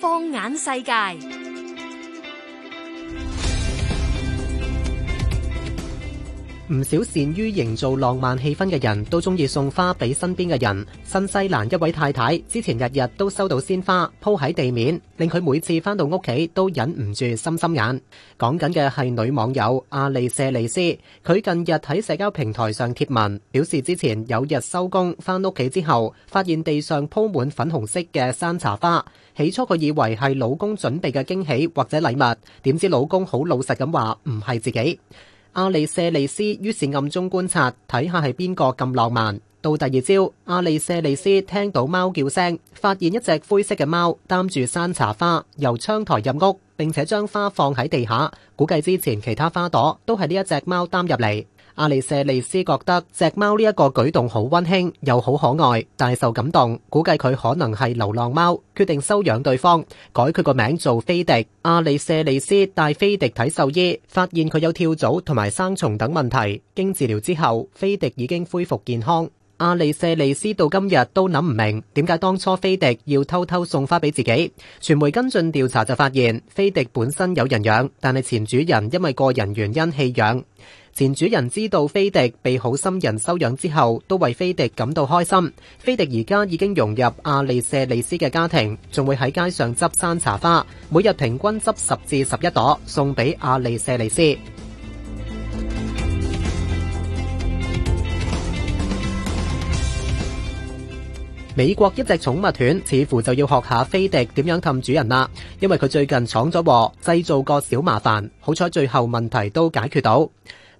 放眼世界。唔少善於營造浪漫氣氛嘅人都中意送花俾身邊嘅人。新西蘭一位太太之前日日都收到鮮花鋪喺地面，令佢每次返到屋企都忍唔住心心眼。講緊嘅係女網友阿里舍利斯，佢近日喺社交平台上貼文，表示之前有日收工返屋企之後，發現地上鋪滿粉紅色嘅山茶花。起初佢以為係老公準備嘅驚喜或者禮物，點知老公好老實咁話唔係自己。阿利舍利斯於是暗中觀察，睇下係邊個咁浪漫。到第二朝，阿利舍利斯聽到貓叫聲，發現一隻灰色嘅貓擔住山茶花由窗台入屋，並且將花放喺地下。估計之前其他花朵都係呢一隻貓擔入嚟。阿利舍利斯覺得隻貓呢一個舉動好溫馨，又好可愛，大受感動。估計佢可能係流浪貓，決定收養對方，改佢個名做菲迪。阿利舍利斯帶菲迪睇獸醫，發現佢有跳蚤同埋生蟲等問題。經治療之後，菲迪已經恢復健康。阿利舍利斯到今日都諗唔明點解當初菲迪要偷偷送花俾自己。傳媒跟進調查就發現，菲迪本身有人養，但係前主人因為個人原因棄養。前主人知道菲迪被好心人收養之後，都為菲迪感到開心。菲迪而家已經融入阿利舍利斯嘅家庭，仲會喺街上執山茶花，每日平均執十至十一朵送俾阿利舍利斯。 美國一隻寵物犬似乎就要學下菲迪點樣氹主人啦，因為佢最近闖咗禍，製造個小麻煩，好彩最後問題都解決到。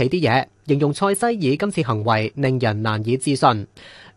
起啲嘢，形容塞西爾今次行為令人難以置信。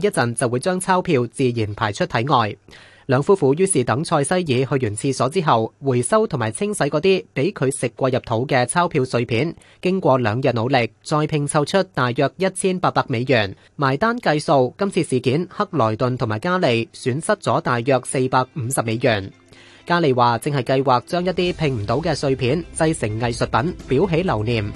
一陣就會將鈔票自然排出體外。兩夫婦於是等塞西爾去完廁所之後，回收同埋清洗嗰啲俾佢食過入肚嘅鈔票碎片。經過兩日努力，再拼湊出大約一千八百美元。埋單計數，今次事件，克萊頓同埋加利損失咗大約四百五十美元。加利話正係計劃將一啲拼唔到嘅碎片製成藝術品，表起留念。